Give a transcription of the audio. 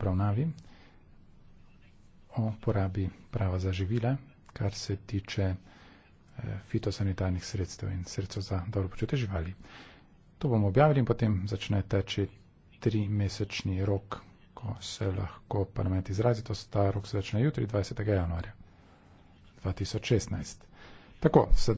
obravnavi o porabi prava za živila, kar se tiče eh, fitosanitarnih sredstev in sredstev za dobro počutje živali. To bomo objavili in potem začne teči tri mesečni rok, ko se lahko parlament izrazi, to sta rok se začne jutri, 20. januarja 2016. Tako,